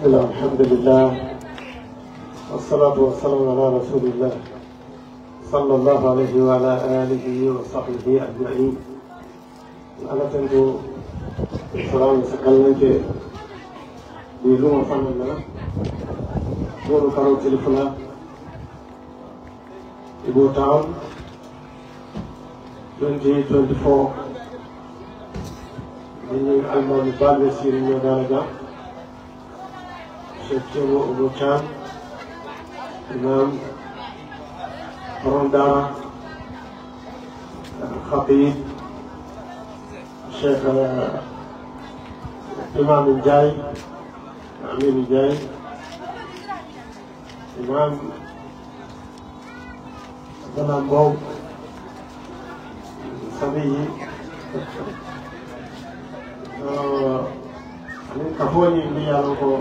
بسم الله الحمد لله والصلاة والسلام على رسول الله صلى الله عليه وعلى آله وصحبه أجمعين أنا تنجو السلام سكالنك بيلوم صلى الله بورو كارو تلفنا إبو تاون 2024 من المال بالسيرين من دكتور كان إمام رندارة الخطيب الشيخ إمام الجاي أمير الجاي إمام زمان بوب صبي آه، أنا كفوني اللي يعرفه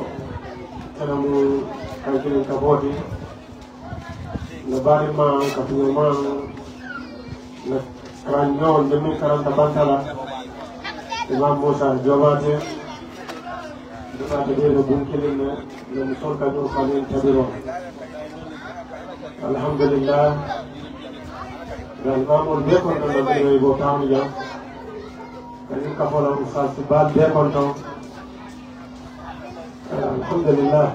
kanamu kankilin ka bodi na bari ma ka tuyo ma na karanyo da min karanta bantala imam musa jobate duka ta dai da bunkilin na na musol ka do kalin tabiro alhamdulillah da imamul be kon da bai go tamu ya kanin ka fola musal sibal be kon tamu Alhamdulillah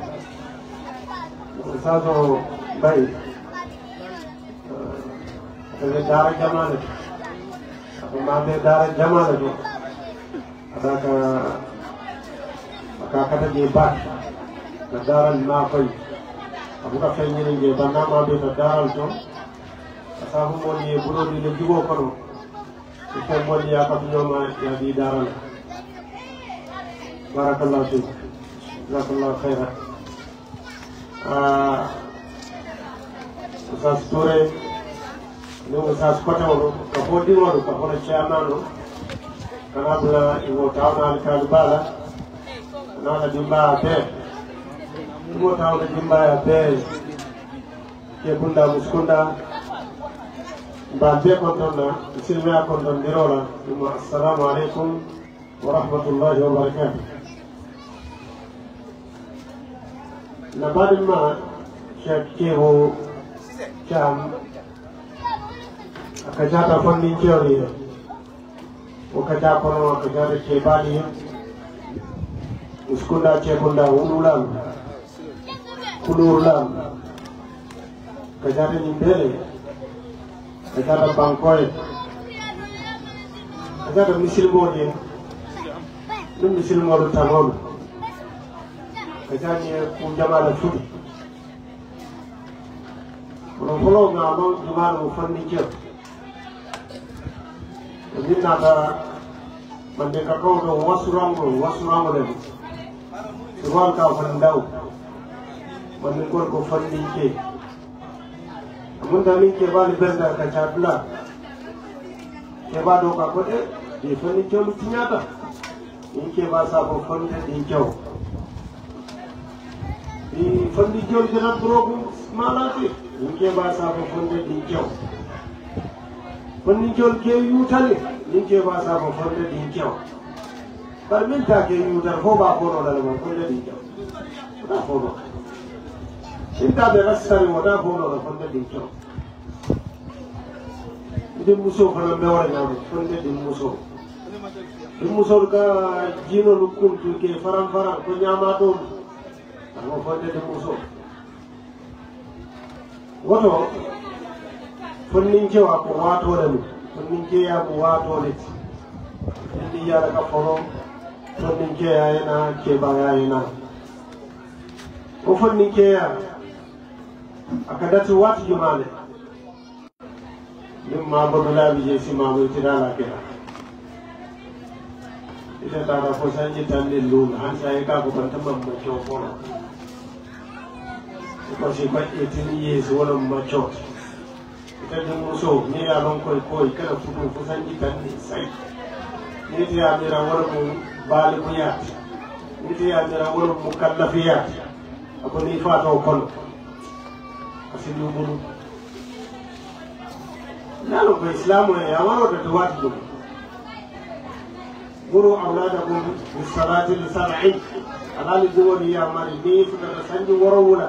Ustazu baik daga daara jamana ako mame daara jamana jo adaka akakata je ba na daaral ma koy abuka feññini je ba nama be to daaral to asabu mon ye burodi le jugo kono ko ya di jazakallahu khairan. Ah, usas Touré ni usas kota wano ka fo diŋolu ka fono ceyamano kana bula iwo tawna alikaali bala anawna dimbaya bee iwo tawna dimbaya bee ke bunda muskunda mbaal bee kontonna silmiya konton ndirola imo assalamu aleykum wa rahmatullahi wa labarima shakkehu cam akajata fonnin kewriye wokaja kono akajata cebaliyo uskunda cebunda wululam kulurlam kajata ñimbele kajata bankoye kajata misilmoɗin ɗum misilmoɗo tanoma ekyanyeɛ ku njabala tuli olufula ogamba jubaala mufanijo ebinaga bandekakawuno owasuramulo owasuramulemu ɗi fonndi jowdi rabdorogu malati ɗum ƴeeɓa saaba fonde ɗin jew fonni jol ke yuutale ɗin ƴeeɓa saaba fonde ɗin jew par min take yuutal fof ɓa fonoɗale mon fonde ɗin jew wota fono intaɓe rastani wota fonoɗo fonde ɗin jew ɗin muso fana mbewre ñaamo fonde ɗin muso ɗin musol ka jinolu kumtu ke faran faran ko ñama ɗon Allora fate da muso. Wato, kunnin kewa ko wato da ni, kunnin keya ko wato da ci. Kunnin ya da kafaro, kunnin keya yana ke baya Ko kunnin keya, a kadatu wata ne. Nin ma bi je si ma mai tira lafiya. ita ta ko sanji tan de an sa ka ko ban tamam ko ko kosi baƴƴe ten yeeso wonon ma cooti tedde muso mira noon koye koye kala fuɗum fo sañƴi tanɗe sayi nitiya mira wona mo baali mo yaati nitiya mira wona mo kallafi yaati ako ni fataw kono kasi ɗumunu nano ko islamu e awarodete waati ɗum مروا أولادكم بالصلاة لسبعين أنا لدوني يا مريم فقد سنجي ورولا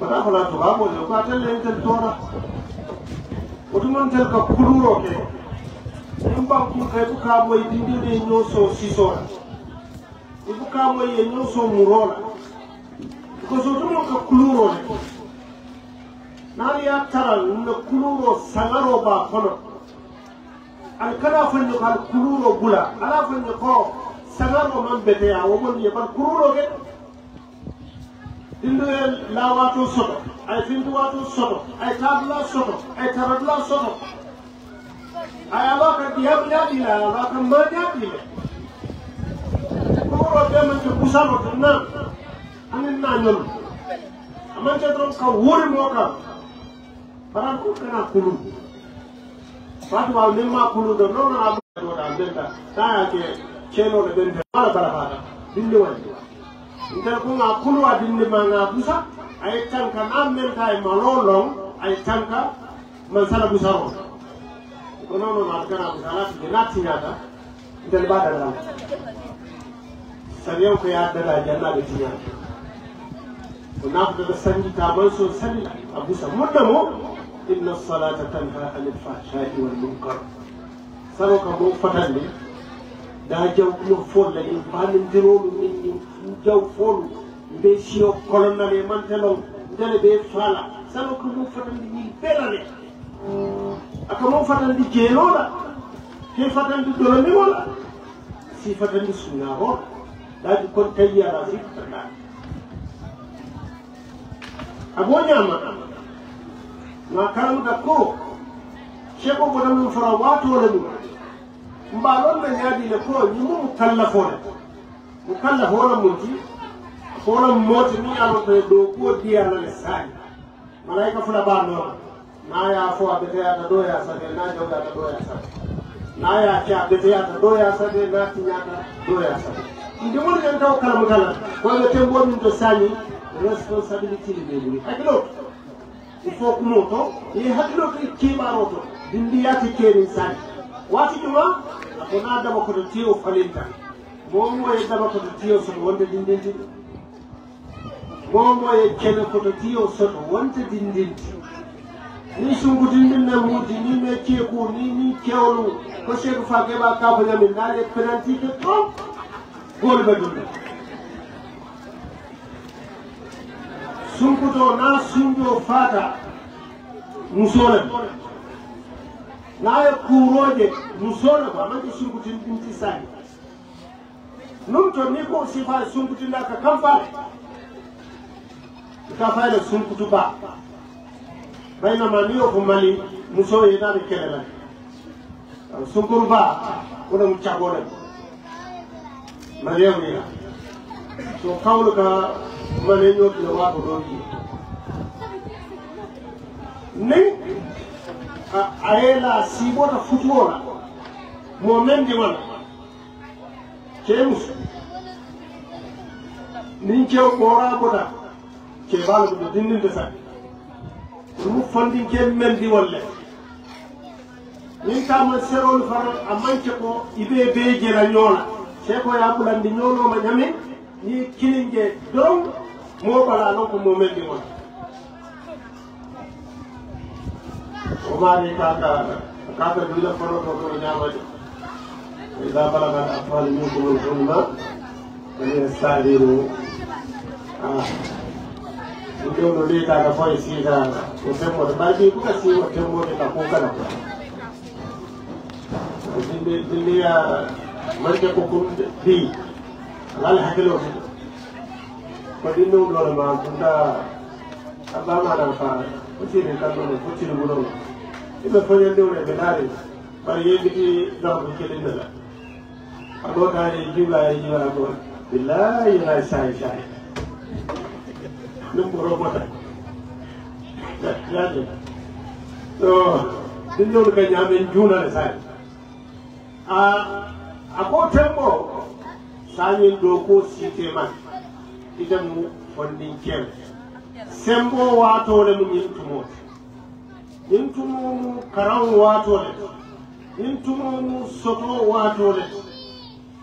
wala hola to babo jo ko atel len Orang tora otumon tel ka kuluro ke ɗum ban kum kay ko kaamoye dindirde e ñooso sisora e ko kaamoye e ñooso murola ko so ɗumon ka kulurode naariya taral no kuluro sagaro ba kono ala kana gula ala fonñe ko sagaro man beteya womonni e bar kuluro dindiren laawaatu soto ay finduwaatu soto ay taabula soto ay tarabula soto ay alaka diyabñaaɗila alaka mbañaaɗile koworo ɓemante busano to nan anin na ñolu amante toon ka wurimo kam baran ko kana kulum fatuwa min ma kuluɗo nonana ɓoɗa mbenta taya ke ceenoɗo ɓen mala bara haɗa dindiwañde Inter kun a kulu a busa ay tanka na men malolong ay tanka man busa ro. Kono no ma kana busa na ti na ti ngata inter ba ya da da janna da tinya. Kuna ku da sanji ta ban so sani a busa inna salata tanha anil fahsha'i wal munkar. Saro ka mo fatan ne da jaw no folle in balin diro min jaw fon mbe siyo kolonnal e mantelon ndele ɓe faala sano ko mum fatandi ni belane aka mum fatandi jeenoɗa he fatandi doloni wala si fatandi sunaroɗa ɗaɗi kon tawi ara si fataɗa abo ñama ma karamuta ko cheikh o gonamum fara watole mum mbalon ɓe ñaadile ko ñimumu tallafone mukalla hono munti hono moti ni yalo ko do ko diya na lesai malaika fula ba no na ya fo abete ya do ya sa na joga ta do ya sa na ya ti abete ya do ya sa na ti ya do ya sa ndio mo ndio taw kala mukalla ko le tembo min to sani responsibility ni ni hakilo ifo kumoto ni hakilo ki kibaroto dindiyati kenin sani wati juma akona adama ko to tiyo falinta momoye daba koto tiyo soto wonde dindintiɗo momoye kene koto tiyo soto wonde dindinti ni sungutinɗin ne wuudi ni ne ceeku ni ni kewlu ko seeku fa keɓa kabañamin naale penantike trop gool ɓe ɗum ɗo sunkuto na sunɗo faata musonan naye kuuroje musona ko amaƴƴi sunkutin ɗum ti sahi num to ni ko si fa sun sumputu ba baina ma ni ko mali muso yi kelela sumputu ba ko mchagone mu chago so kawlu ka mali nyo ki wa ko do ni aela ayela sibora futuora mo men di wala και μους, νικεύω ποράμπονα, και βάλουμε την δύναμη σας, δεν μου φαντίζει μεν διόλικε. Είταμε σε όλον αυτόν τον αμαντικό, ήδη μπήκε η λανγιόνα. Σε ποια να διοργανώσεις; μου وإذا بلغ الأطفال منكم الحلم فليستأذنوا ndio uloleta akafai sika usemo tabaki kuka si watembo nitakuka na kwa zinde zinde ya marja kukum bi alal hakilo kwa dinu ulole ma kunda abama na fa kuchini kando na kuchini bulo ime fanya ndio ulebedari bari yebiti na mkili nila abon naa ne jublaay yi ñu la amoon billaay laay saay saay lu mu borom moo tax yaa so ɗum ɗon kañum amen juulare saare a ko tembo sañin ɗo ko siite man itan mu fonɗin kew sembo watore mum yin tumote yin tumomu karan watore yin tumomu soto watore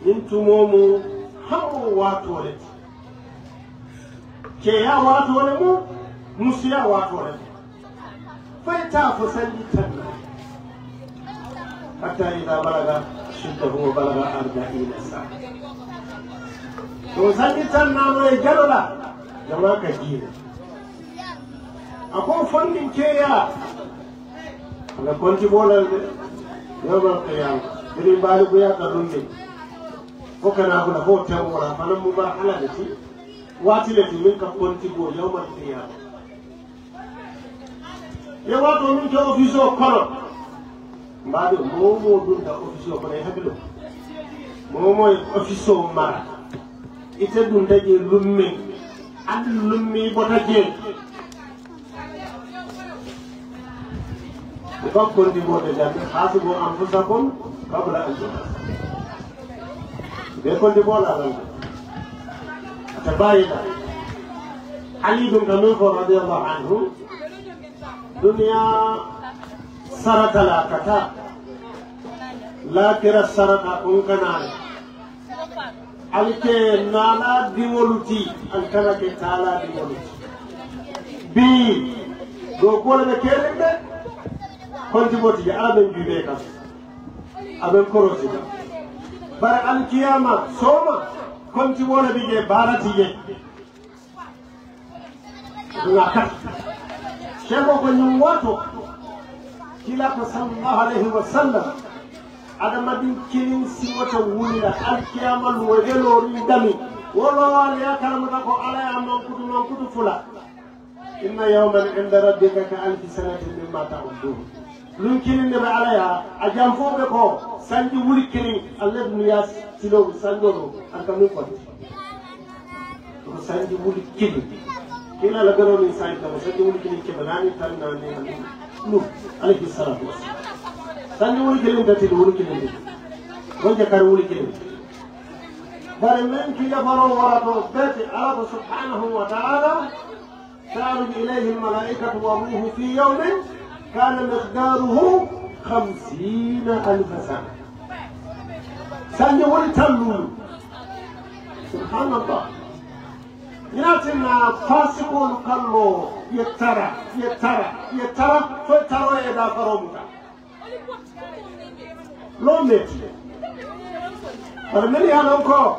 nintumomo hammo watore keya watore mo musiya watore fay ta fo sanji tanna hatta ida balaga shiddahu balaga arbaina saa to sanji tannano e jalola jamaka diina ako fandin keya ala konti bolal de yawmal qiyama irin mbaali buya ka ɗum ni fo kana huna ho ta wala fanan mu ba ala da ti wati le tumin ka konti go yawmal qiyam ye wato mun to office o kono mbado momo dun da office o kono e habilo momo e office o mara ite dun da je lummi ad lummi bota je فكر بموت جنب حاسبوا أنفسكم قبل أن تحاسبوا يكون بولا بيت تبايدا علي بن طلوف رضي الله عنه دنيا سرت لا كتا لا كرا سرت أكون كنال عليك نالا ديولتي أنكنا كتالا ديولتي بي gokuwala ɓe kelen ɓe konti moti je ala ɓen juuɓe kam aɓen korosida bara alkiyama sooma konti wonati je baarati je ɗuma kat ceeko ko ñum woto kila ko sallllahu alayhi wa sallam aɗa maɗin kilin siwata wulira alkiyama luwo welori dami wolo alaya karamata ko alaya mankutu mankutu fula إن يوما عند ربك كألف سنة مما تعدون لكن إن بعليا أجام فوقك سنج ملكني الذي ياس تلو سنجره أنت من قد سنج ملكني كلا لقرون إنسان كما سنج ملكني كبناني تناني نوح عليه الصلاة والسلام سنج ملكني تتلو ملكني وجكر ملكني بل من كي يفروا ورطوا بيت الله سبحانه وتعالى تعرج إليه الملائكة والروح في يوم كان مقداره خمسين ألف سنة سنة تلول سبحان الله يناتنا فاسقون قالوا يترى يترى يترى فترى إذا فرمت لو ميت فرمني أنا أقول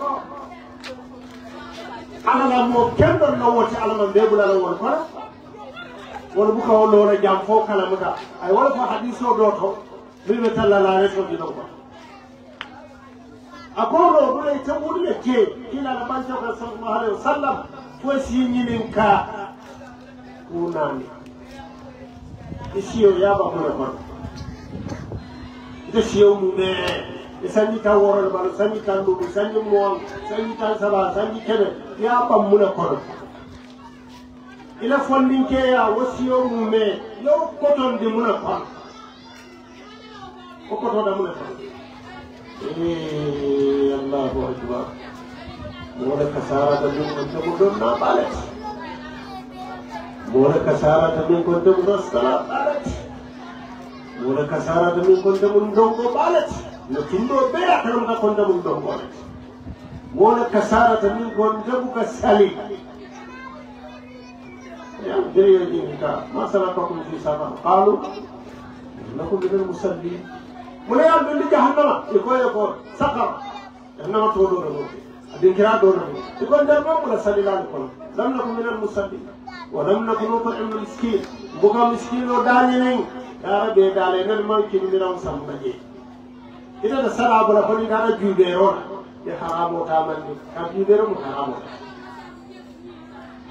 ala la mo kendo no woti ala man be bula la won fara won bu ko lo la jam fo kala muta ay wala ko hadiso do to mi be talla la reso di do akoro bula ita wulle ke kila la banjo ka sallallahu alaihi wasallam fo si nyinin ka kunani isiyo yaba bula ko isiyo mu ne sanji tan worol bal sanji tan ɗuɗu sanji mool sanji tan saba sanji keɓe ya ɓammuna kono ila fondinkeya wasiyo mum me yo kotonde muna kono o kotoɗa muna kono allahu akbar moole ka sarata min kon tegu ɗon na ɓalet moole ka sarata min kon tegu rastala ɓalet moole ka sarata min kon tegu ndongo ɓalet no tullo bera tan ga konda mum do ko wona kasara tan min gon jabu ka sali ya diriyo ni ka masala ko kun fi sama qalu nakum bil musalli mun ya bil jahannama iko ya ko sakar jahannama to do do adin kira do do iko da ba mun sali lan ko lam nakum bil musalli wa lam nakum nut'im miskin buka miskin o dani ne ya rabbi dalay nan man kin miram sambaje ita da sara bula fani na na jubero ya haramo ta manni ka jubero mu haramo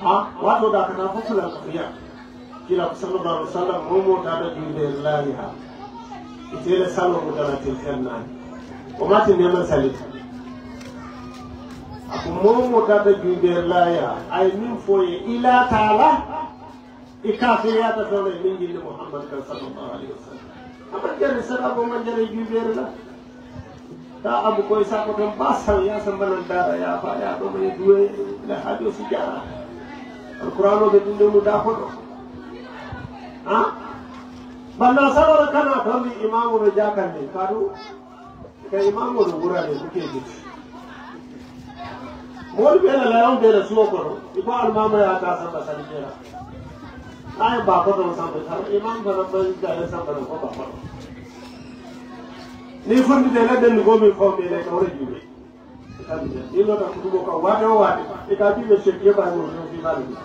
ha wato da kana fusula ka fiya kila sallallahu alaihi wasallam momo ta da jubero lahi ha ita da salo mu da tilkan nan o ma tin neman salita aku momo ta da jubero lahi ha ai min foye ila ta'ala ikafiriya ta tole min gindi muhammad sallallahu alaihi wasallam amma jare sara bo man jare jubero lahi Tak ko isa ko ng basal niya sa manandara ya pa ya to may duwe na hadyo siya. Ang Kurano ba tindong mo dapat? Ha? Banasala na ka na kami imamo na jakan din. Karo? Kaya imamo na mura din. Okay, bitch. Mori pa na layong dela suwa ko no. Iba ang mama ya ka sa basali dela. Ayang bako na masambit. Imam ba na ba yung dahil sa ko bako ni fondi de ladde no gomi fawde ele ka wona juuɓe illota ko ɗumo kam waate o waate e ka juuɓe chef yeɓani o fimaɗo ɗum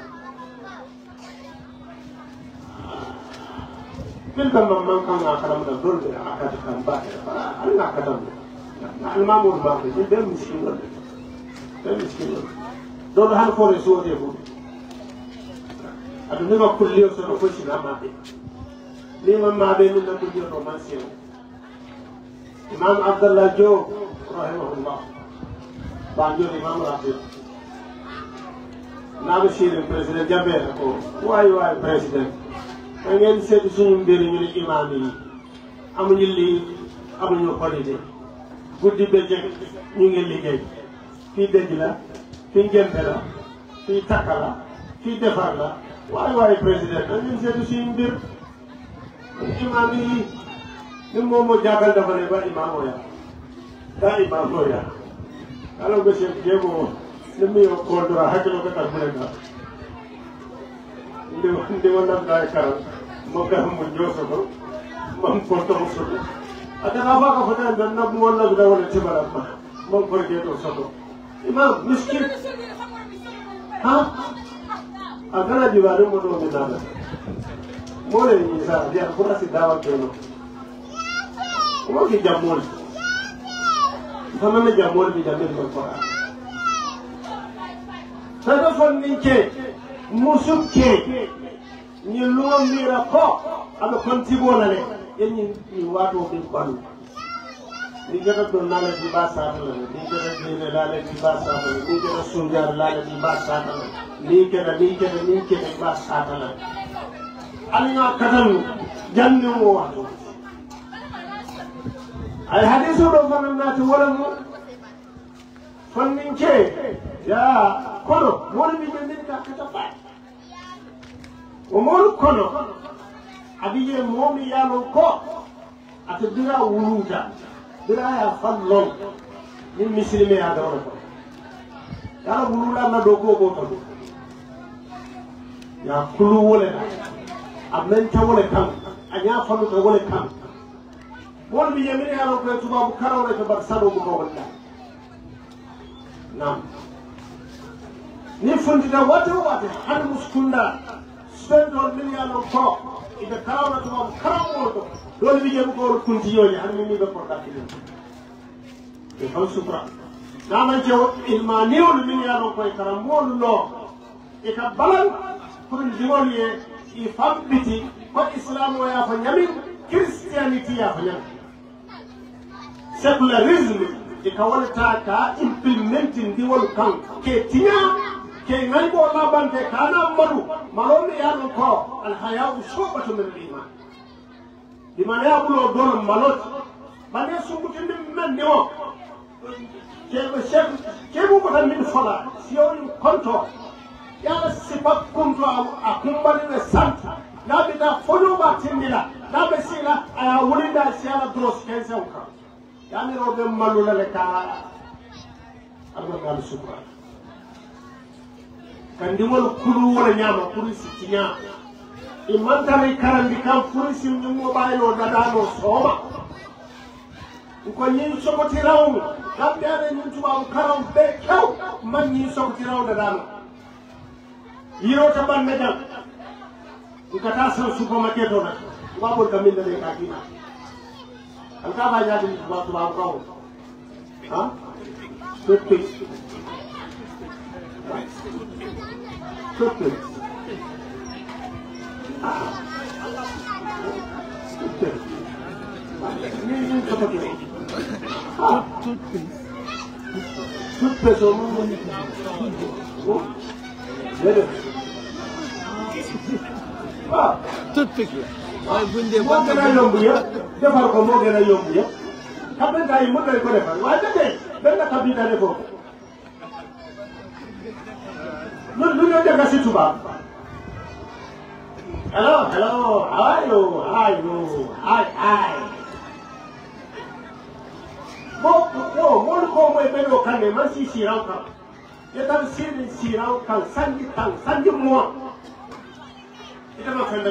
تلك من كان أقرب الظل عقد كان باهر فأنا قدمنا نحن ما مور باهر ده مشكلة ده مشكلة دول هل فور يسوع ده بود أدنى ما كل يوم سنقول شيء ما بين ليه ما بين من كل يوم رومانسي Imam Abdallah Diop rahimahullah Banjul Imam Rafiq naam Chérif président jàppee na ko waay waay président da ngeen seet suñu mbir ñu imaam yi amuñu lii amuñu qualité guddi bëccëg ñu ngi liggéey fii dëj la fii ngénte la fii takk la fii defar la waay waay président da ngeen seet suñu mbir imaam yi ni moom moo jàngal dafa ne ba imaam ya ba imaam ya alors que chef jéem oo ni mu yow kontra hakkilo ko tax mu ne ka ndi ndi wonam daa kara mo ka mu jooso ko mam porto mo soto adana ba ko fota ndon nak mo la da wala tibara ma mam porke to soto imam miskin ha agala jibaru mo do mi dala mo le ni sa dia ko asi dawa keno kuma ke jamol kama me jamol mi jamel ko fara telefon min ke musub ke ni luwa mira ko ala konti bona le yen ni wato be ban ni gata to nala di basa la ni gata dina lala di basa la ni gata sunjar lala di basa la ni gata ni gata ni gata basa la alna kadan jannu wato ay hadisu ɗo fanannati wala mo fanninke ya kono wonani ñandini ka kata fa o moru kono abiye momi yalon ko ata dira wuluta dira ya fallon min misilime ya dawro ko yala wululanna dow ko ko tan ya kulu wole aɓ بول بي ان يكون هناك توما بكرة ولا تبى تسألوا بكرة ولا نعم نفهم جدا واتي واتي هل مسكونا سند ولا مني أنا أقول إذا كرة ولا توما بكرة ولا تبى بول بي يميني بكرة كن تيوني هل مني بكرة كذي يفهم سكرا نعم جو إلماني ولا مني أنا أقول كرة مول لا إذا بلغ كن تيوني إفهم بتي ko islam o secularisme ika walta ka implementing diwol kan ke tiya ke ngai bo la bande kana maru malon ya no ko al hayau shubatu min iman di mana ya bulo don malot mane sumbuti min men ni o ke chef ke bu ko min fala si on konto ya sifa kuntu akumbali ne santa na bi da fodo ba tindila na be sila a wulinda siyala dros kensa ukan yani roɓe mallulale ka arnangal sukra kandiŋol kulu wole ñama pour sitti ña i mantari karandi kan pour si ñummo ɓayno dadano sooma ko ñin sogotirawmu kam ɓeɓe ñin tubabu karaw ɓe kew man ñin sogotiraw dadano yiro ta ɓanne jam ɗum kata sen supermarket o nat waɓol kamindane ka kina An ka bay la di tuba tuba an ka ou? Ha? Toothpick. Toothpick. Ha? Toothpick. Ni yon kata ki ou? Ha? Toothpick. Toothpick ou moun moun. Ou? Dede. Ha? Toothpick. waaye buñ dee moo gën ko moo gën a yomb yëpp xam nga gars yi mën nañ ko ko lu lu ñu def si hello hello how are you how are you hi hi moo moo moolu koo mooy e benn kan ne man si siiraw kan e yetam siri siiraw kan sanji kan e sanji mois itama fende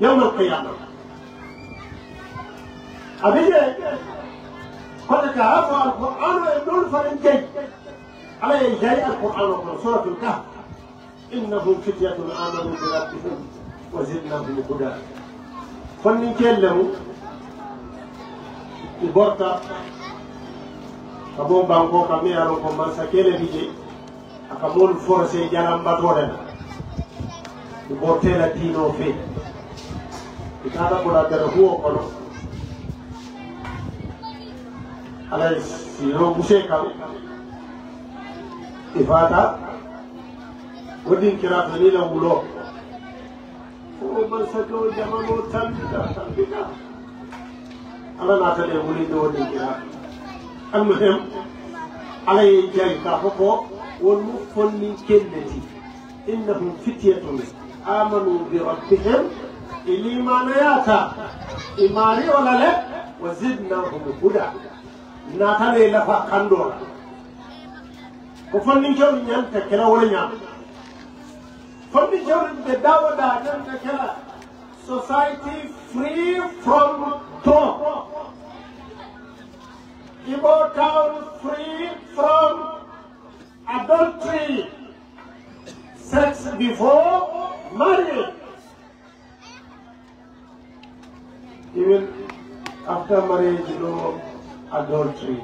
يوم القيامة أبي قد تعافى القرآن وابن الفرنجي على إنزال القرآن وقرآن سورة الكهف إنهم فتية آمنوا بربهم وزدناهم هدى فنن كلمه البرطة kabon banko kame yaro ko marsa kele bije aka mon force jaram batore ni bortela kitaba kuratera huo kono ala siro muse kam ifata wodin kira tani la wulo o man sato jamano tambita tambita ala na tale wuli do wodin kira almuhim ala ye jari ka fofo won mu fonni kenneti innahum fityatun amanu bi rabbihim ኢሊማናያታ ኢማሪ ኦለለ ወዚድናሁም ሁዳ እናታን የለፋ ካንዶራ kufanninkee nyaan takkela wala nyaama fanninkee deddaa wadaa kan takkela society free from thought Igbo town free from adultery sex before marriage even after marriage, no adultery.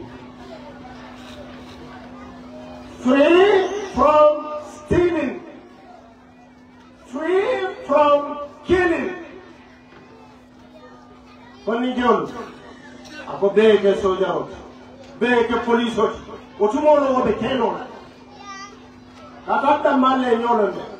Free from stealing. Free from killing. Koni John, ako beke soldier out, beke police out, utumo lo be kenon. Katata male nyolo nyo.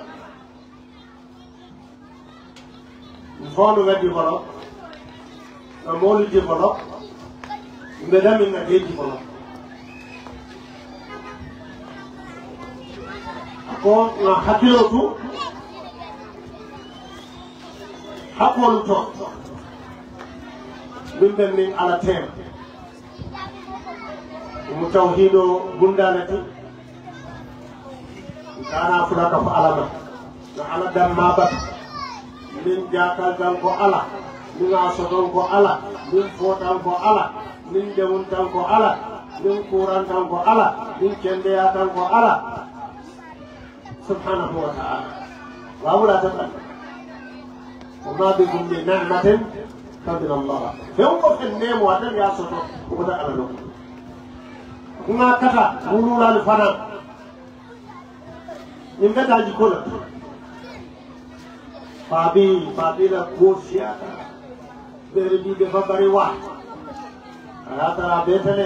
vend le développe, un mot le développe, mesdames et messieurs développe. Quand on a hâté le tout, hâté le temps, min ɓen min ala teen omo taw hiino gundanati dana fulaka fo alama no ala damma bata min jakalgal ko ala min asodon ko ala min fotan ko ala min tan ko ala min kurantal ko ala min tan ko ala subhanahu wa taala wawula tatan wama bikum min nimatin famin allah few ko fen nemo watan ya soto okoda ala ɗo nga kata wululani fana min mbetaji kola Babi, babi la kufia. Beri di bawa beri Rata la betul.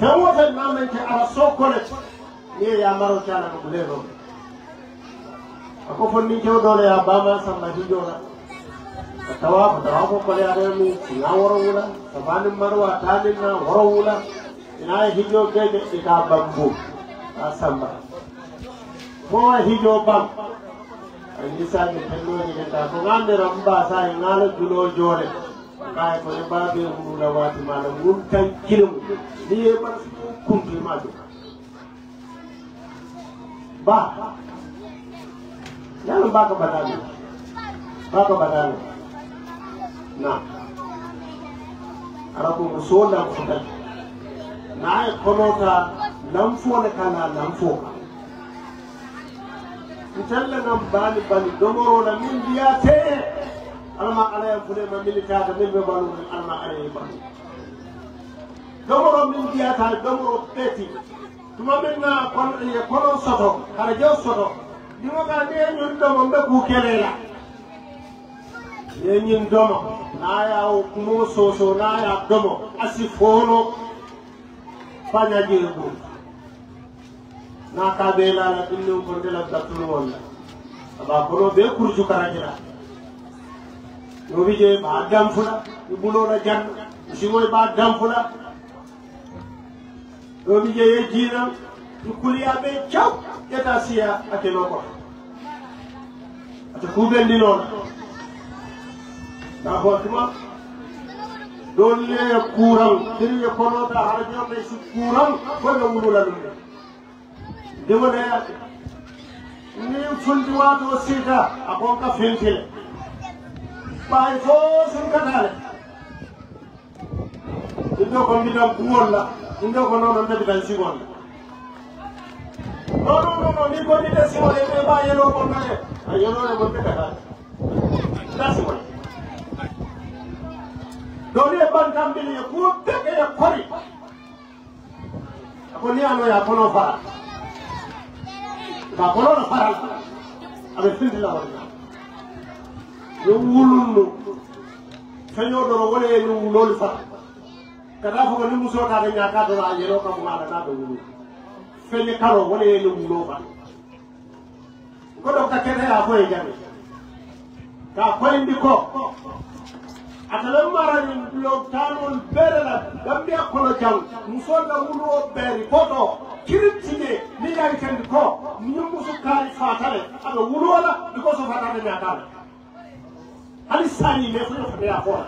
Tahu tak mana yang kita harus Ni yang baru cara kita boleh tu. Aku pun ni jauh dari abang masa masih jauh lah. Tawa, tawa aku kalau ada ni, siapa orang bula? Tawa ni mowahijo bam annisan mi telloji henda ko gandira mba sa e ngala dulo joole kaye koye mbaɓe hurula wati maɗa ngum tan kilo mum ni e mbaɗa kumplima ɗum ba yalo mbaka baɗaɗum mbaka baɗaɗum na ara ko mo sodan futan na e kono ka lamfole kana lamfo ka mitalla nan bani bani domoro na min biya te alma ala yan fule ma milita da min be balu min alma ala yan balu domoro min biya ta domoro peti tuma min na kon ye kono soto kala jaw soto dimo ka ne nyun domo be ku kelela ye nyin domo na ya o kumo soso na ya domo asi fono fanya nakaɓe lala ɗinnin kondela gattuno wonda saba kono be kurju karajira yo wije ɓa damfuɗa i ɓuloɗa janno simoye ɓa damfuɗa yo wije ye jiinam i kuliyaɓe caw ƴeta siya akeno koto ata kuɓendi noon na hotuma ɗon le kuuran tiri ye konota hara jonɗe si kuuran koɓe wulula ɗum ɗe demona yaake min fundi waato siita a gonka fentile ɓaay fo sunkatale ɗiɗo ko mbiɗan kuwolla ɗiɗo ko noon on mbeɗi tan sigonla non non non ni ko mbiɗe siwole ɓe mba yelo gonnae a yelore mon ɓeɗatale nda siwole ɗoni e ɓantan mbili e kuwo peɓe e kori ko ni anoya kono fara ka bɔlɔ fara la a bɛ fili la wale ye wulun don fɛn y'o dɔrɔn wale ye wuloli fara ka taa fɔ ni muso k'a bɛ ɲa k'a dɔrɔn a yɛlɛ ka mun a ka taa don wulu fɛn ye kalo wale ye wulo fara ko dɔ ka kɛnɛ y'a fɔ ye jaabi k'a fɔ in bi kɔ a kana mara nin bulon tan bɛɛ muso ka wulu o bɛɛ kirintinde miyari kendi ko ñummusu kaari fatare aɓe wulola ɗiko so fatare mi adala hani sañi me fo yofa mbeya foola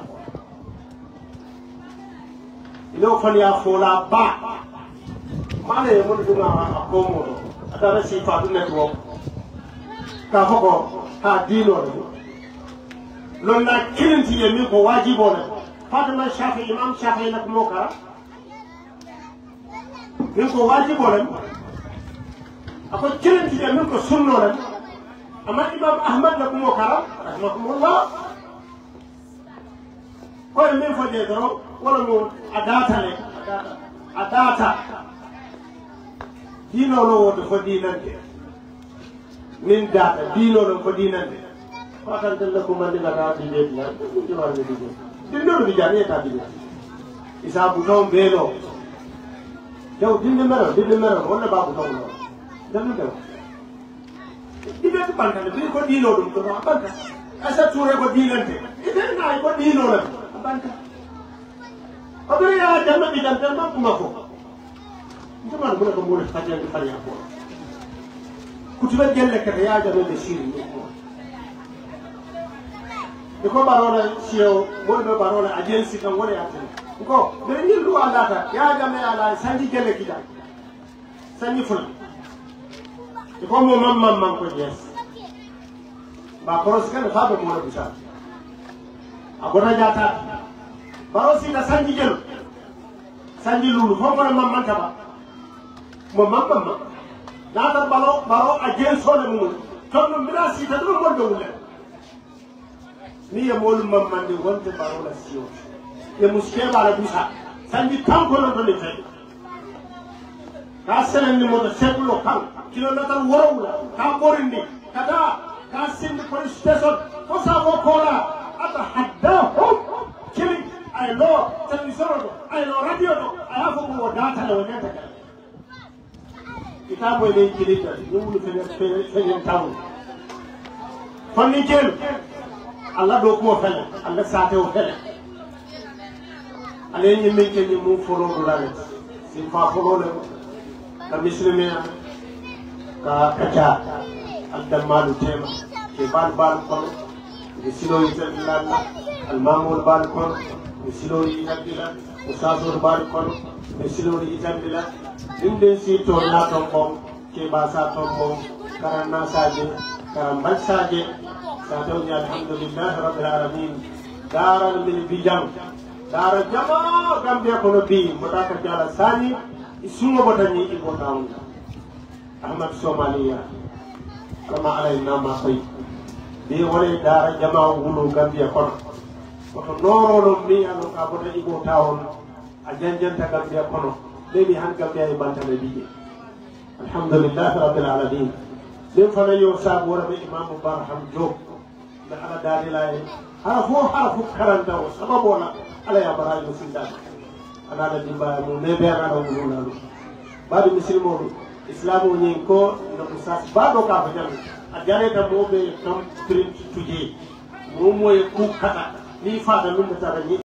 ino fan ya foola ba maala ye mon ɗuma a komoɗo adara sifa ɗu nen o ka foko ha diinore lonna kirintiye min ko wajibole fatana shafi imam shafi nak mo kara min ko wajibo len ako celentiɗe min ko sunno len amma imam ahmad la kumo kara rahmahumullah koye min fode doro wala mo a datale a data diinolo wode fo dinande min data diinolo fo dinande fakante la kumandi la raa diɓeɗiya ɗum ɗiwarɓe ɗiɓe ɗin ɗoɗo ɓijani eta diɓe isa buton beelo daw dindi meroon dindi meroon walla baabu taw lool dami daw dibetu bankande mbi ko ɗiino ɗum ɗono a banka asa tuure ko ɗiinante itenaayi ko ɗiinona a banka oɗo yaa damma ɓidan tan man ɗuma fof ndeman mune ko mune fajande fariya fof kutuɓe gelle kete yaajamende siri ni iko barona siyo wonɓe barona a jensi kam woni attene ko mais ndin ɗu allata yajame ala sanji gelle kiɗa sanji fula iko mo mam manko yes ba koros kene fa ɓe moɗo busa a gona jata barosi sina sanji gelo sanji lulu mam kono mammantaba mo mam ma natar balo baro a jensole mumum toon no mbiɗa siita ɗum gonɗo wulle ni ye moolu mammandi won te baro la siyo ye muskeɓa la dusa sanji tan konoto le fede ka senenni moto seɓulo kan kilométre worowla ka ɓorindi kada ka sindi police station fo safo kola ata hadda hom kili ay lo télévision to ay lo radio to aya fo ko datale o nenta kala ita boy len kilinta ñumulu fene fene tamu fonni jelu alla do ko fele alla sate o fele ale ni min ke ni mu folo bulale sin fa folo le ka mislimiya ka kaca adda malu tema ke bal bal ko ni silo yi tan lalla al mamul bal ko ni silo yi nabila usasur bal ko ni silo yi tan bila dinde si to na ton ko ke ba sa ton ko karan na saje karan bal saje satoña alhamdulillah, rabbil alamin daral min bijam dara jama gambia kono bi mota ka jala sani sungo botani ibo tawnga ahmad Somalia, kama alay nama fay be wale dara jama wulu gambia kono koto norono mi ano ka bota ibo tawon a janjanta gambia kono lemi han gambia e bantane bije alhamdulillah rabbil alamin dem fana yo sabu wara imam barham job nde aɗa daanila e hara fof hara fof karanta o sababu ona ala ya baraji o fiitaka ana aɗa dimbaye mum ne ɓe anaɗa wuluna ɗum mbaɗo misilma ɗum islam o ñin ko nde ko sas mbaɗo ka fo jallu a jareta moɓe tom mo momoye ku kata ni fata ɗum ɓe tara ñi